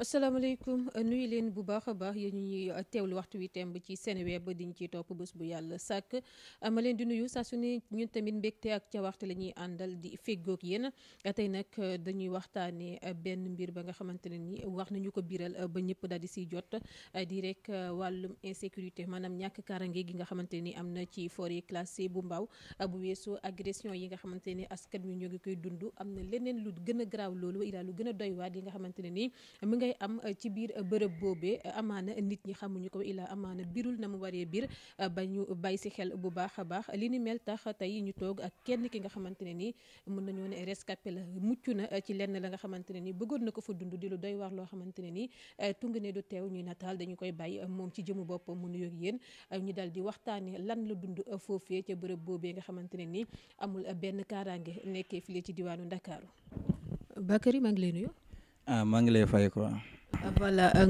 asalaamaaleykum euh, nuyu leen bu baax a baax yéen ñuy euh, teewlu waxtu wi temb ci Seneweb diñ ciy topp bés bu yàlla sàkk euh, ma leen di nuyu sax su ne ñun tamit mbégte ak ca waxtu la ñuy àndal di feggoog yéen tey nag dañuy waxtaanee benn mbir ba nga xamante ne ni wax nañu ko biral ba ñëpp daal di si jot di rek wàllum insécurité maanaam ñàkk kaaraange gi nga xamante ni am na ci forêt classée bu mbaaw bu weesoo agression yi nga xamante ne askan wi ñoo ngi koy dund am na leneen lu gën a garaaw loolu ilaa lu gën a doy yi nga xamante ne ni am euh, ci biir euh, bërëb boobee euh, amaana nit ñi xamuñu ko ila amaana birul na mu waree biir ba ñu bàyyi si xel bu baax a baax li ni mel tax tey ñu toog ak kenn ki nga xamante ne nii mën nañoo ne rescapé la mucc na ci lenn la nga xamante ne nii bëggoon na ko fa dund di lu loo xamante ne nii tung ne du teew ñuy nataal dañu koy bàyyi moom ci jëmu boppam mu nuyoog yéen ñu dal di waxtaanee lan la dund foofee ca bërëb boobee nga xamante ne nii amul benn kaaraange nekkee file ci diwaanu Ndakaaru Bakary maa ngi ah maa ngi lay fay quoi.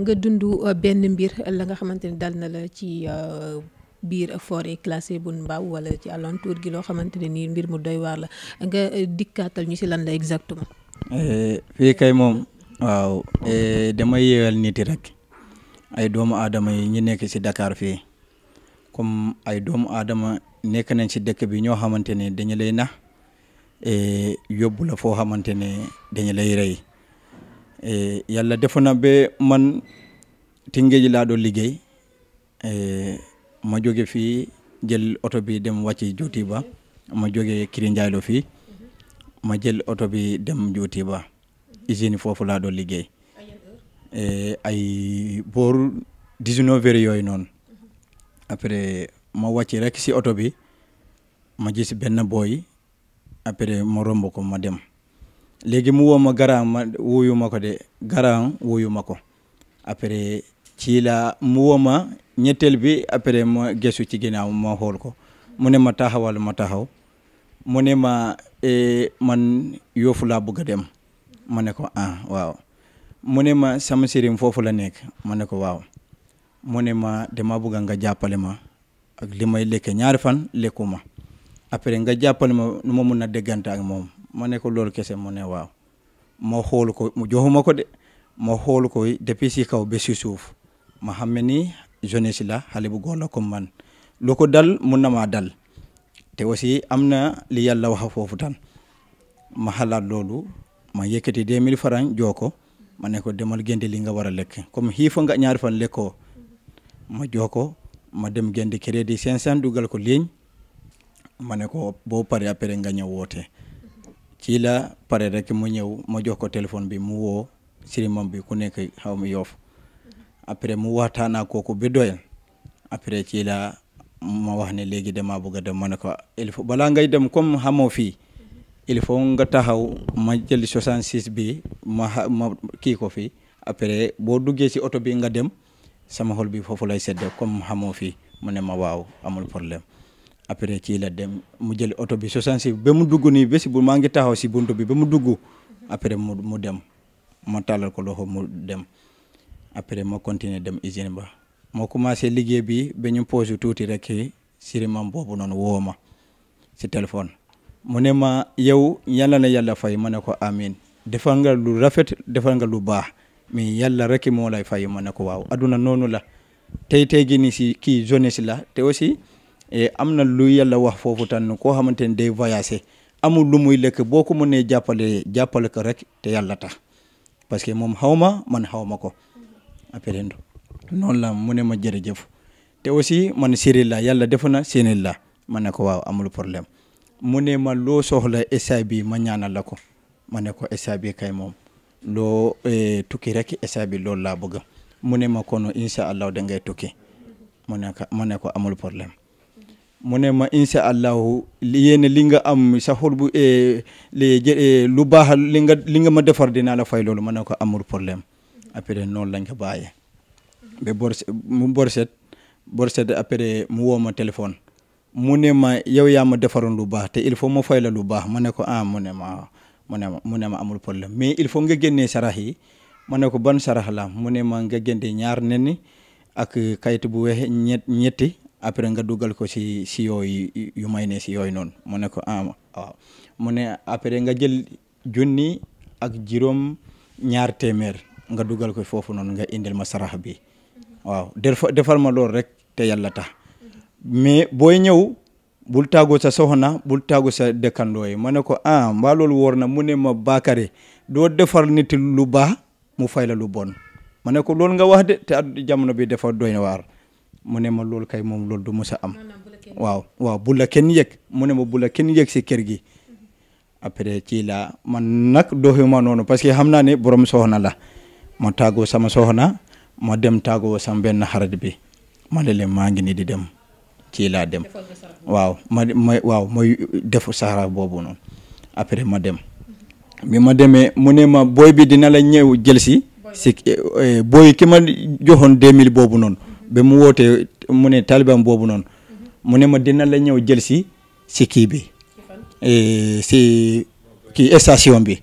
nga dund euh, benn mbir la nga xamante ni dal na la ci euh, biir forêt classée bu Mbao wala ci alentour gi loo xamante ne nii mbir mu doy waar la nga euh, dikkaatal ñu si lan la exactement. Eh, fii kay moom. waaw eh, damay yeewal nit rek ay doomu aadama yi ñu nekk si Dakar fii comme ay doomu aadama nekk nañ si dëkk bi ñoo xamante ne dañu lay nax eh, yóbbu la foo xamante ne dañu lay rey. E, yàlla defoon na ba man Tëngéej laa doon liggéey e, ma jóge fii jël oto bi dem wàcci Jotiba ma jóge Kiri Njaayloo fii ma jël oto bi dem Jotiba usine foofu laa doon liggéey e, ay booru 19 heures yooyu noonu après ma wàcc rek si oto bi ma gis benn booy après ma romb ko ma dem. léegi mu woo ma garaan ma ko de garaan wuyu ma ko après ci la mu woo ma ñetteel bi après ma gesu ci ginnaaw ma xool ko mu ne ma taxawal ma taxaw mu ne ma e, man yoofu laa bëgg a dem ma ne ko ah waaw mu ne ma sama sëriñ foofu la nekk ma ne ko waaw mu ne ma dama bëgg nga jàppale ma ak li may lekke ñaar fan lekku ma après nga jàppale ma nu ma mun a déggante ak moom ma ne ko loolu kese mu ne waaw ma xool ko mu joxuma ko de ma xool ko depuis si kaw ba si suuf ma xam ne nii jeunesse la xale bu góor la comme man lu ko dal mun na maa dal te aussi am na li yàlla wax foofu tan ma xalaat loolu ma yëkkati 2000 francs joo ko ma ne ko demal géndi li nga war a lekk comme xiifa nga ñaari fan lekkoo ma joo ko ma dem géndi crédit 500 dugal ko ligne ma ne ko bo paree après nga ñëw woote ci la pare rek mu ñëw ma jox ko téléphone bi mu woo sirimam bi ku nekk xaw ma yoof après mu waxtaan ak kooku bi doyal après ci la ma wax ne léegi damaa bëgg a dem ma ne ko il balaa ngay dem comme xamoo fii il faut nga taxaw ma jëli jël 66 bi ma ma kii ko fii après boo duggee si oto bi nga dem sama xol bi foofu lay sedde comme xamoo fii mu ne ma waaw amul problème après ci la dem mu jël oto bi 66 ba mu dugg nii bési bu maa ngi taxaw si buntu bi ba mu dugg après mu mu dem mo tàllal ko loxo mu dem après ma continuer dem usine ba moo commencé liggéey bi ba ñu posé tuuti rek sirimam boobu noonu woo ma si téléphone mu ne ma yow yalla na yàlla fay ma ne ko amin defal nga lu rafet defar nga lu baax mais yalla rek moo lay fay ma ne ko waaw adduna noonu la tey tey gi ni si kii jeunesse la te aussi Eh, am na lu yàlla wax foofu tan koo xamante ni day voyager amul lu muy lekk boo ko mënee jàppale jàppale ko rek te yàlla tax parce que moom xaw man xaw ma ko après noonu la mu ne ma jërëjëf te aussi man séeréer la yàlla defu na séeréer la ma ne ko waaw amul problème mu ne ma loo soxla essa bi ma ñaanal la ko ma ne ko essa bi kay moom loo eh, tukki rek essa bi loolu laa bëgg mu ne ma kono incha allah da ngay tukki mu ne ko ma ne ko amul problème mu ne ma incha allahu yéen li nga am sa xol bu e, e, lu baax li nga li nga ma defar dinaa la fayloolu loolu ma ne ko amul problème après noonu lañ ko bàyyee ba borset mu borset borset après mu woo ma téléphone mu ne ma yow yaa ma defaroon lu baax te il faut ma fayla lu baax ma ne ko ah mu ne ma mu ne ma mu ne ma amul problème mais il faut nga génnee sarax yi ma ne ko ban sarax la mu ne ma nga génne ñaar nenni ak kayit bu weex ñett ñetti après nga dugal ko si si yooyu yu may ne si yooyu noonu ma ne ko ah waaw ne après nga jël junni ak juróom ñaar téeméer nga dugal ko foofu noonu nga indil ma sarax bi waaw defal ma loolu rek te yàlla tax mais booy ñëw bul tàggu sa soxna bul tàggu sa dëkkandoo yi ma ne ko ah mbaa loolu na mu ne ma baakare doo defar nit lu baax mu fay la lu bon ma ne ko loolu nga wax de te jamono bi dafa doy na waar mu ne ma loolu kay moom loolu du mës a am waaw waaw bula kenn yëg mu ne ma bu kenn yëg si kër gi mm-hmm. après ci la man nag doxuma noonu parce que xam naa ne borom soxna la ma tàggoo sama soxna ma dem tàggoo sama benn xarit bi ma ne leen maa ngi nii di dem ci laa dem waaw ma ma waaw mooy def saxara boobu noonu après ma dem bi ma demee mu ne ma booy bi dina la ñëw jël si si eh, eh, booy ki ma joxoon 2000 boobu noonu ba mu wootee mu ne taliban boobu noonu mu ne ma dina la ñëw jël si si kii bi eh, si kii station bi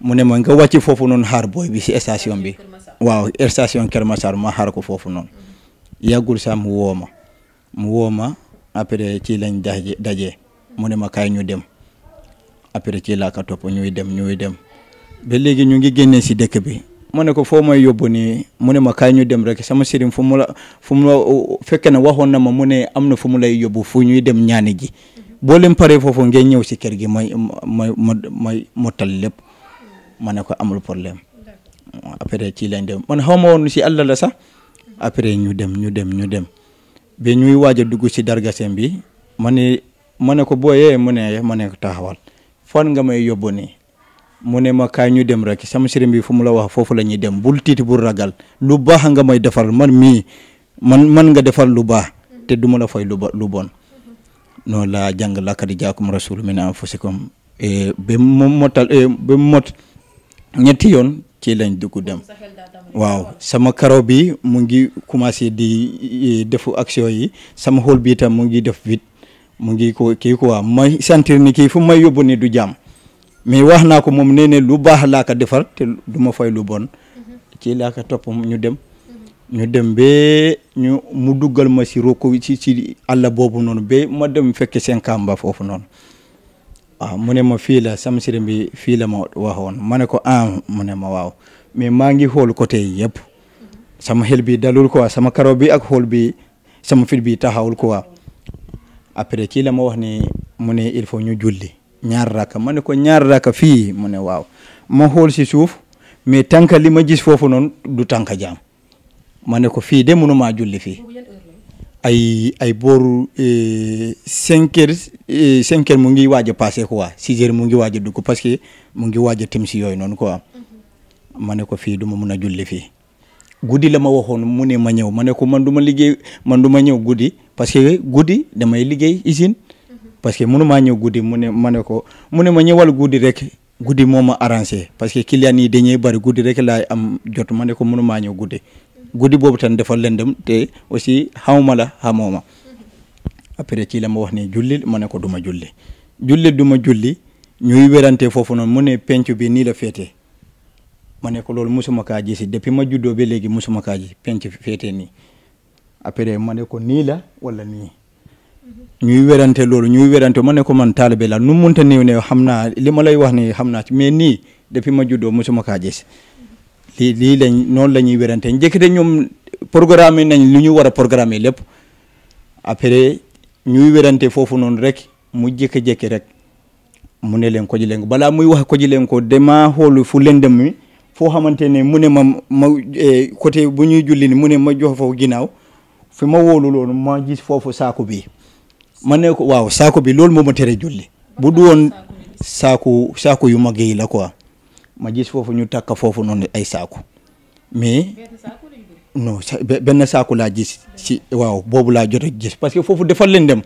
mu ne ma nga wàcc foofu noon xaar booy bi si station bi waaw station Kër Masar ma xaar ko foofu noonu yàggul sax mu woo ma mu woo ma après ci lañ daje daje mu ne ma kaay ñu dem après ci laa ko ñuy dem ñuy dem ba léegi ñu ngi génnee si dëkk bi. ma ne ko foo may yóbbu nii mu ne ma kaay ñu dem rek sama sëriñ fu mu la fu mu la fekkee ne waxoon na ma mu ne am na fu mu lay yóbbu fu ñuy dem ñaani ji mhm. boo leen paree foofu ngeen ñëw si kër gi may may may mottal lépp ma ne ko amul problème après ci lañ dem man xaw ma woon si àll la sax après ñu dem ñu dem ñu dem ba ñuy waaj a dugg si dargaseem bi ma ne ma ne ko booyee mu ne ma ne ko taxawal nga may yóbbu nii mu ne ma kaay ñu dem rek sama sëriñ bi fu mu la wax foofu la ñuy dem bul tiiti bul ragal lu baax nga may defal man mii man man nga defal lu baax te du ma la fay lu ba lu bon noonu laa jàng laqad jaakum rasul min anfusikum e, ba mu motal e, ba mu mot ñetti yoon ci lañ dugg dem waaw sama karaw bi mu ngi commencé di e, defu action yi sama xool bi itam mu ngi def vite mu ngi ko kii quoi may sentir ni kii fu may yóbbu ni du jàmm mais wax naa ko moom nee ne lu baax laa ko defal te du ma fay lu bon mhm. ci laa ko topp ñu dem ñu dem ba ñu mu duggal ma si roko si si àll boobu noonu ba ma dem fekk seen ba foofu noonu waaw mu ne ma fii la sam sirim bi fii la ma waxoon ma ne ko ah mu ne ma waaw mais maa ngi xool côté yëpp sama xel bi dalul quoi sama karo bi ak xool bi sama fit bi taxawul quoi après ci la ma wax ni mu ne il faut ñu julli ñaar rakka ma ne ko ñaar rakka fii mu ne waaw ma xool si suuf mais tànk li ma gis foofu noonu du tànk jaam ma ne ko fii de mënumaa julli fii ay ay booru e, cinq heures e, cinq heures mu ngi waaj a passé quoi six heures mu ngi waaj a dugg parce que mu ngi waaj si yooyu noonu quoi mhm. ma ne ko fii duma mun a julli fii guddi la ma waxoon mu ne ma ñëw ma ne ko man du ma liggéey man du ma ñëw guddi parce que guddi damay liggéey usine parce que mënu maa ñëw guddi mu ne ma ne ko mu ne ma ñëwal guddi rek guddi moo ma arrangé parce que client yi dañuy bari guddi rek laay am jot ma ne ko mënu maa ñëw guddi guddi boobu tan dafa lëndëm te aussi ma la xamoo ma après ci la ma wax ne julli ma ne ko duma ma julli julli du ma julli ñuy werante foofu noonu mu ne penc bi nii la féete ma ne ko loolu musuma kaa si depuis ma juddoo ba léegi musuma kaa gis penc féete nii après ma ne ko nii la wala nii ñuy werante loolu ñuy werante ma ne ko man taalibe la nu munta néew ne xam naa li ma lay wax ni xam naa ci mais nii depuis ma juddoo mosuma kaa gis lii lii lañ noonu lañuy ñuy werante njëkkite ñoom programme nañ lu ñu war a programme lépp après ñuy werante foofu noonu rek mu jékki-jékki rek mu ne leen ko ji leen ko balaa muy wax ko ji leen ko damaa xool fu lëndëm mi foo xamante ne mu ne ma ma eh, côté bu ñuy julli ni mu ne ma jox foofu ginnaaw fi ma wóolu loolu ma gis foofu saako bi ma ne ko waaw saako bi loolu moom ma tere julli bu du woon saako saako yu mag yi la quoi ma gis foofu ñu takk foofu noonu ay saako mais non benn saako laa gis si waaw boobu laa jot a gis parce que foofu defal dafa lëndëm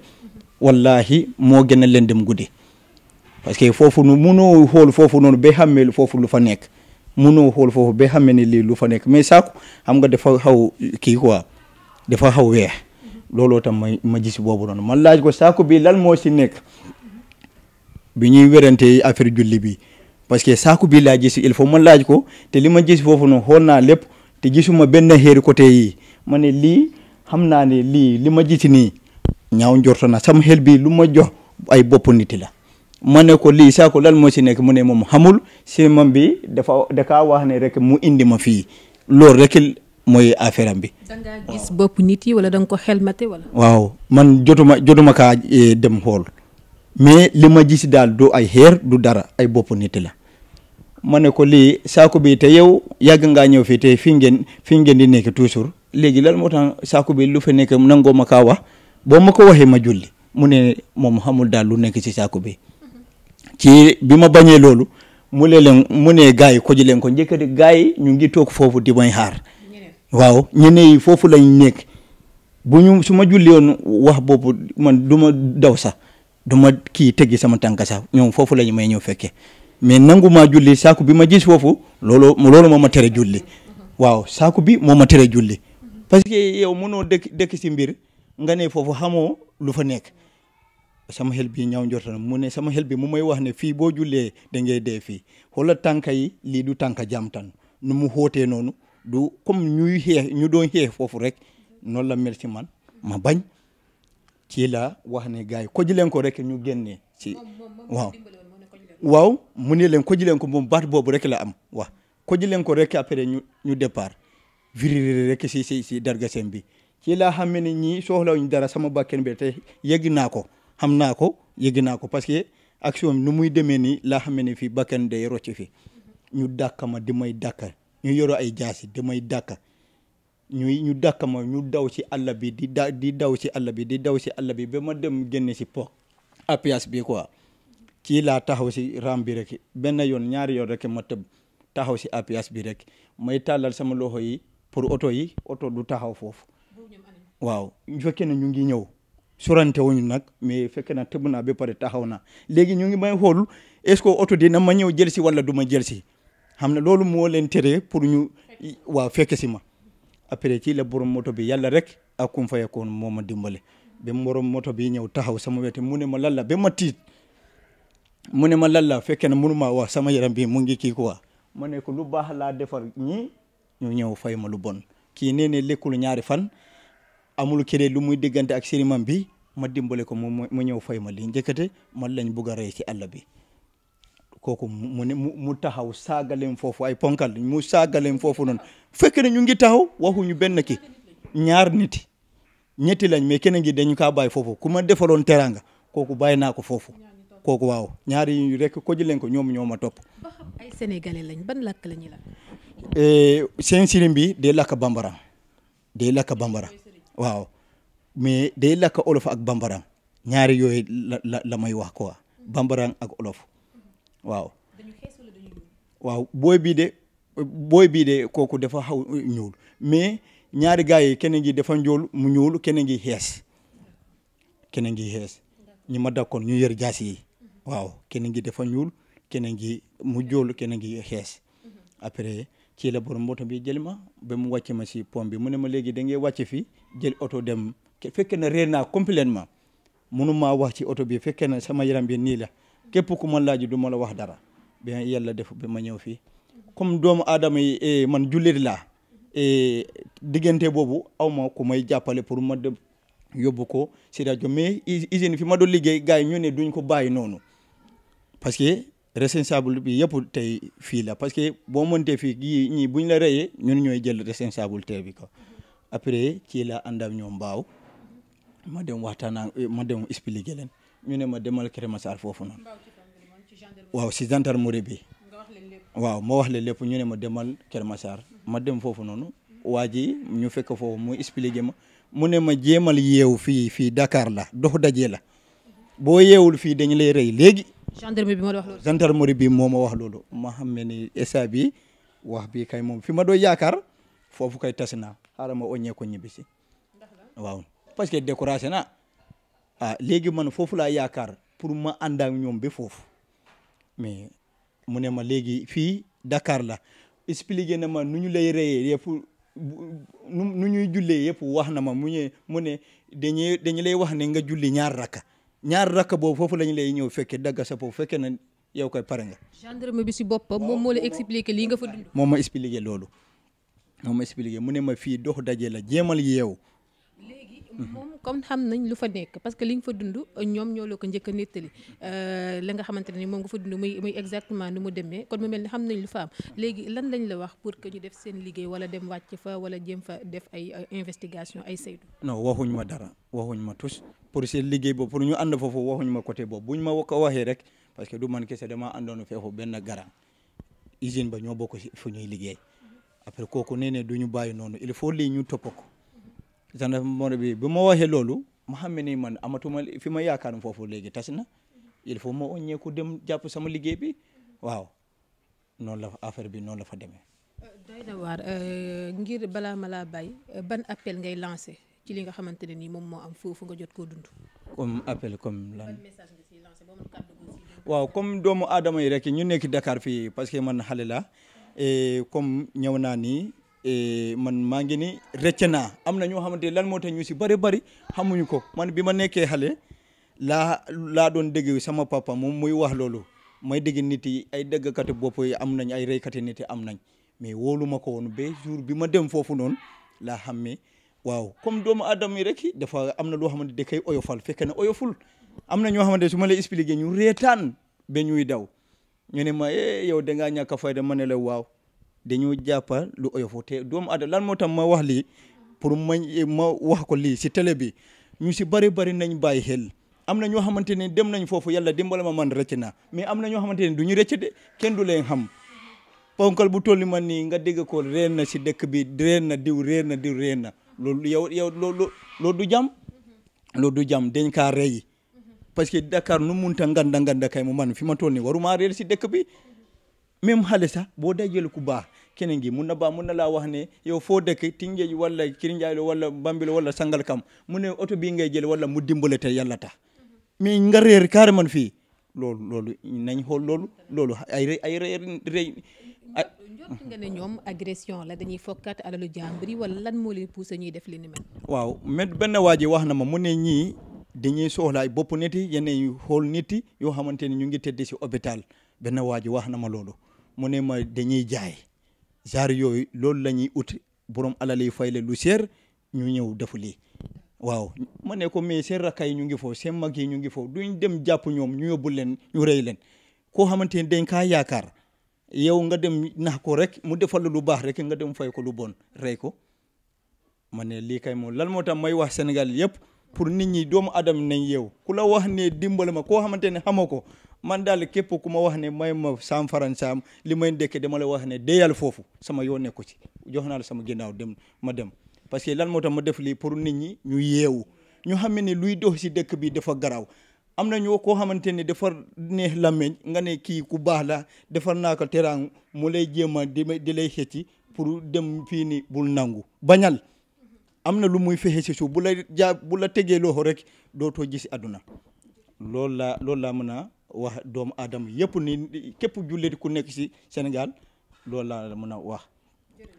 wallahi moo gën leen dem guddi parce que foofu nu munoo xool foofu noonu ba xàmmee foofu lu fa nekk munoo xool foofu ba xàmmee ne lii lu fa nekk mais saako xam nga dafa xaw kii quoi dafa xaw weex looloo tam may ma gis boobu noonu man laaj ko saako bi lan moo si nekk bi ñuy wérante affaire julli bi parce que saako bi laa gis il faut ma ko te li ma gis foofu noonu xool naa lépp te gisuma benn xeeri côté yi ma ne lii xam naa ne lii li ma gis nii ñaaw njorto na sama xel bi lu ma jox ay bopp nit la ma ne ko lii saako lan moo si nekk mu ne moom xamul si mam bi dafa dakaa wax ne rek mu indi ma fii loolu rek mooy affaire am bi. da ngaa gis bopp nit yi wala da nga waaw man jotuma jotuma kaa eh, dem xool mais li ma gis daal du ay xeer du dara ay bopp nit la ma ne ko lii saako bi te yow yàgg ngaa ñëw fii te fii ngeen fii ngeen di nekk toujours léegi lan moo tax saako bi lu fa nekk nangoo ma kaa wax boo ma ko waxee ma julli mu ne moom xamul daal lu nekk ci saako bi ci bi ma bañee loolu mu ne leen mu ne gars yi ko ji leen ko njëkkati gars yi ñu ngi toog foofu di may xaar. waaw ñeneen yi foofu lañ nekk bu ñu su ma julli woon wax boobu man duma ma daw sax du kii teggi sama tànk sa ñoom foofu lañ may ñëw fekkee mais nangu maa julli saaku bi ma gis foofu loolu loolu ma tere julli waaw saaku bi moo ma tere julli parce que yow mënoo dëkk dëkk si mbir nga ne foofu xamoo lu fa nekk sama xel bi ñaaw njorta na mu ne sama xel bi mu may wax ne fii boo jullee da ngay dee fii xoolal tànka yi lii du tànka jaam tan nu mu xootee noonu du comme ñuy xeex ñu doon xeex foofu rek noonu la mel ci man ma bañ ci la wax ne gars yi ko ji rek ñu génnee ci waaw mu ne leen ko ji ko moom bat boobu rek la am wax ko ji ko rek après ñu ñu départ viriri rek si si si dargasen bi ci laa xam ne ñii soxlawuñ dara sama bàkken bi te yëg naa ko xam naa ko yëg naa ko parce que action nu muy demee nii laa xam ne fii bàkken day rocc fi mhm. ñu dàkk ma di may dàkk ñu yoroo ay jaasi damay dàkka ñuy ñu dàkka ma ñu daw si àll bi di da di daw ci àll bi di daw si àll bi ba ma dem génne si pook apias bi quoi ci laa taxaw si ram bi rek benn yoon ñaari yoon rek ma tëb taxaw si apias bi rek may tàllal sama loxo yi pour oto yi oto du taxaw foofu waaw fekkee na ñu ngi ñëw surante wuñu nag mais fekke na tëb naa ba pare taxaw na léegi ñu ngi may xool est-ce que oto dina ma ñëw jël si wala du ma jël si xam na loolu moo leen tere pour ñu waaw fekke si ma après ci la borom moto bi yàlla rek ak kum fayakoon moo ma dimbale ba borom moto bi ñëw taxaw sama wete mu ne ma lan la ba mu ne ma lan la fekke na mënu maa wax sama yaram bi mu ngi kii quoi ma ne ko lu baax laa defar ñii ñu ñëw fay ma lu bon kii nee ne lekkul ñaari fan amul kere lu muy diggante ak sëriñam bi ma dimbale ko mu ñëw fay ma lii njëkkate man lañ bugg a rey ci àll bi kooku mu ne mu taxaw saagaleen foofu ay ponkal mu saagaleem foofu noonu fekkee ne ñu ngi taxaw waxuñu benn ki ñaar nit ñetti lañ mais keneen gi dañu kaa bàyyi foofu ku ma defaloon teraanga kooku bàyyi naa ko foofu kooku waaw ñaari yi rek ko jëleen ko ñoom ñoo ma topp. ay sénégalais lañ ban làkk lañuy làkk. Eh, seen bi day làkk bambara day làkk bambara waaw mais day làkk olof ak bambara ñaari yooyu la la la may wax quoi bambara ak olof. waaw. dañu waaw booy bii de booy bii de kooku dafa xaw ñuul mais ñaari gars yi keneen gi dafa njool mu ñuul keneen ngi xees keneen gi xees ñi ma dakkoon ñu yor jaas yi waaw keneen gi dafa ñuul keneen ngi mu jool keneen ngi xees mhm. après ci la borom moto bi jël ma ba mu wàcc ma si pont bi mu ne ma léegi da ngay wàcc fii jël oto dem fekke na réer naa complètement mënu maa wax ci oto bi fekkee na sama yaram bi nii la. képp ku ma laaj du ma la wax dara bien yàlla def bi ma ñëw fii comme doomu aadama yi eh, man jullit laa eh, diggante boobu aw ma ku may jàppale pour ma dem yóbbu ko si rajo mais usine fi ma doon liggéey gars yi ñu ne duñ ko bàyyi noonu parce que responsable bi yëpp tey fii la parce que boo mëntee fii yii ñii buñ la reyee ñun ñooy jël responsabilité bi ko après ci la ànd ak ñoom baaw ma dem waxtaan ma dem expliqué leen ñu ne ma demal Kër Masar foofu noonu waaw si gendarmerie bi waaw ma wax leen lépp ñu ne ma demal Kër Masar ma dem foofu noonu waa ji ñu fekk foofu mu expliqué ma mu ne ma jéemal yeewu fii fii Dakar la dox daje la boo yeewul fii dañu lay rey léegi. gendarmerie bi moo wax loolu. moo ma wax loolu ma xam ni esa bi wax bi kay moom fi ma doon yaakaar foofu kay tas naa xaaral ma oññee ko ñibbisi waaw parce que découragé ah léegi man foofu laa yaakaar pour ma ànd ak ñoom ba foofu mais mu ne ma léegi fii Dakar la expliqué na ma nu ñu lay reyee yëpp nu nu ñuy jullee yëpp wax na ma mu ne mu ne dañuy dañu lay wax ne nga julli ñaar rakka ñaar rakka boobu foofu la ñu lay ñëw fekkee dagga sa foofu fekkee na yow koy pare nga. gendarme bi si boppam moom moo la expliqué lii nga fa dund. moom ma expliqué loolu moom ma expliqué mu ne ma fii dox daje la jéemal yeewu. moom comme xam nañ lu fa nekk parce que li nga fa dund ñoom ñoo la ko njëkk a nettali euh, la nga xamante ne moom nga fa dund muy muy exactement nu mu demee kon mu mel ni xam nañ lu fa am léegi lan lañ la wax pour que ñu def seen liggéey wala dem wàcc fa wala jéem fa def ay investigation ay saytu non waxuñ ma dara waxuñ ma tous pour seen liggéey boobu pour ñu ànd foofu waxuñ ma côté boobu bu buñ ma ko waxee rek parce que du man kese dama àndoon feexu benn garan usine ba ñoo bokk fu ñuy liggéey après kooku nee ne du ñu bàyyi noonu il faut lii ñu topp ko sax na moo bi bu ma waxee loolu ma xam ne ni man amatuma fi ma yaakaar yaakaarum foofu léegi tas na il faut ma oññeeku dem jàpp sama liggéey bi waaw noonu la affaire bi noonu la fa demee. Euh, ngir balaa ma laa bàyyi ban appel ngay lancé ci li nga xamante ne nii moom moo am foofu nga jot ko dund. comme appel comme waaw comme doomu aadama yi rek ñu nekk dakaar fii parce que man xale la comme ñëw naa nii. Eh, man maa ngi ni rëcc naa am na ñoo xamante lan moo tax ñu si bëri bari xamuñu ko man bi ma nekkee xale laa laa doon dégg sama papa moom muy wax loolu may dégg nit yi ay dëggkati bopp yi am nañ ay reykati nit yi am nañ mais wóolu ko woon ba jour bi ma dem foofu noonu laa xam ne waaw comme doomu aadama yi rek dafa am na loo xamante da koy oyofal fekk na oyoful am na ñoo xamante su ma lay expliqué ñu reetaan ba ñuy daw ñu ne ma eh yow dangaa ñàkk a fayda ma ne la waaw dañoo jàppal lu oyofu te doomu ada lan moo tax ma wax lii pour ma ma wax ko lii si tele bi ñu si bëri bëri nañ bàyyi xel am na ñoo xamante ne dem nañ foofu yàlla dimbala ma man rëcc naa mais am na ñoo xamante ne du ñu rëcc de kenn du leen xam ponkal bu tolli man nii nga dégg ko réer na si dëkk bi réer na diw réer na diw réer na loolu yow yow loolu loolu du jàmm loolu du jàmm dañ kaa rey parce que Dakar nu munta nganda nganda kay mu man fi ma toll nii waruma réer si dëkk bi même xale sax boo dajale ku baax keneen gi mun na baax mun na laa wax ne yow foo dëkk Tingeej wala Kirinjaaylo wala Bambilo wala Sangalkam mu ne oto bii ngay jël wala mu dimbale te yàlla tax mais nga réer man fii loolu loolu nañ xool loolu loolu ay ay réer njort nga ne ñoom agression la dañuy fokkat alalu jàmbur yi wala lan moo leen poussé ñuy def li ni mel. waaw met benn waa ji wax na ma mu ne ñii dañuy soxlaay bopp nit yi yenn xool nit yi yoo xamante ne ñu ngi tëdd si hôpital benn waa wax na ma loolu. mu ne ma dañuy jaay genre yooyu loolu la ñuy ut borom alal yi fay la lu seer ñu ñëw def li waaw ma ne ko mais seen rakka yi ñu ngi foofu seen mag yi ñu ngi foofu duñ dem jàpp ñoom ñu yóbbu leen ñu rey leen koo xamante ne dañ kaa yaakaar yow nga dem nax ko rek mu defal lu baax rek nga dem fay ko lu bon rey ko ma ne lii kay moom lan moo tax may wax Sénégal yëpp pour nit ñi doomu adam nañ yow ku la wax ne dimbal ma koo xamante ne xamoo ko man daal képp ku ma wax ne may ma saam faran saam li may ndekke dama la wax ne deyal foofu sama yoon nekku ci jox naa la sama ginnaaw dem ma dem parce que lan moo tax ma def lii pour nit ñi ñu yeewu ñu xam ne luy dox si dëkk bi dafa garaaw am na ñoo koo xamante ne dafa neex nga ne kii ku baax la defar naa ko teraang mu lay jéem a di lay xëcci pour dem fii ni bul nangu bañal am na lu muy fexe si suuf bu la jaa bu la tegee loxo rek dootoo gis àdduna loolu laa loolu laa mën a waa doomu aadama yëpp ni képp jullit ku nekk si Sénégal loolu laa mën a wax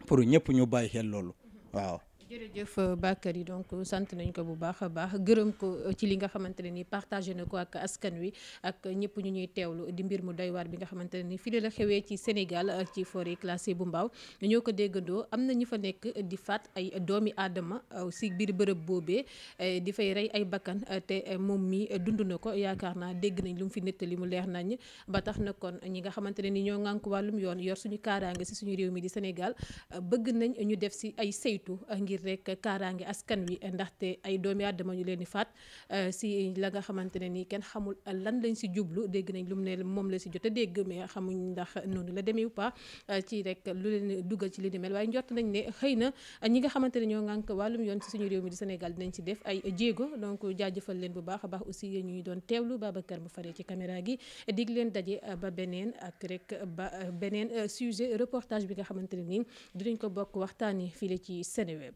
pour ñëpp ñu bàyyi xel loolu waaw jërëjëf euh, yi donc euh, sant nañ ko bu baax a baax gërëm ko euh, ci li nga xamante ne ni partagé na ko ak askan wi ak ñëpp ñu ñuy teewlu di mbir mu doy bi nga xamante ne ni fii la xewee ci Sénégal ci forêt classée bu Mbao ñoo ko déggandoo am na ñu fa nekk di faat ay doomi aadama si biir bërëb boobee di fay rey ay bakkan te moom mi dund na ko yaakaar naa dégg nañ lu mu fi li mu leer nañ ba tax na kon ñi nga xamante ne ni ñoo ŋànk wàllum yoon yor suñu kaaraange si suñu réew mi di Sénégal bëgg nañ ñu def si ay saytu rek kaaraange askan wi ndaxte ay doomi aadama ñu leen di faat euh, si la nga xamante ne nii kenn xamul lan lañ si jublu dégg nañ lu mu ne moom la si jot a dégg mais xamuñ ndax noonu la demee ou pas euh, ci rek lu leen dugal ci li ni mel waaye njot nañ ne xëy na ñi nga xamante ne ñoo ngànk wàllum yoon si suñu réew mi di Sénégal dinañ si def ay jéego donc jaajëfal leen bu baax a baax aussi ñu ñuy doon teewlu Babacar mu fare ci caméra gi dig leen daje ba beneen ak rek ba beneen euh, sujet reportage bi nga xamante ne nii dinañ ko bokk waxtaani fii la ci Seneweb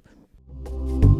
Thank you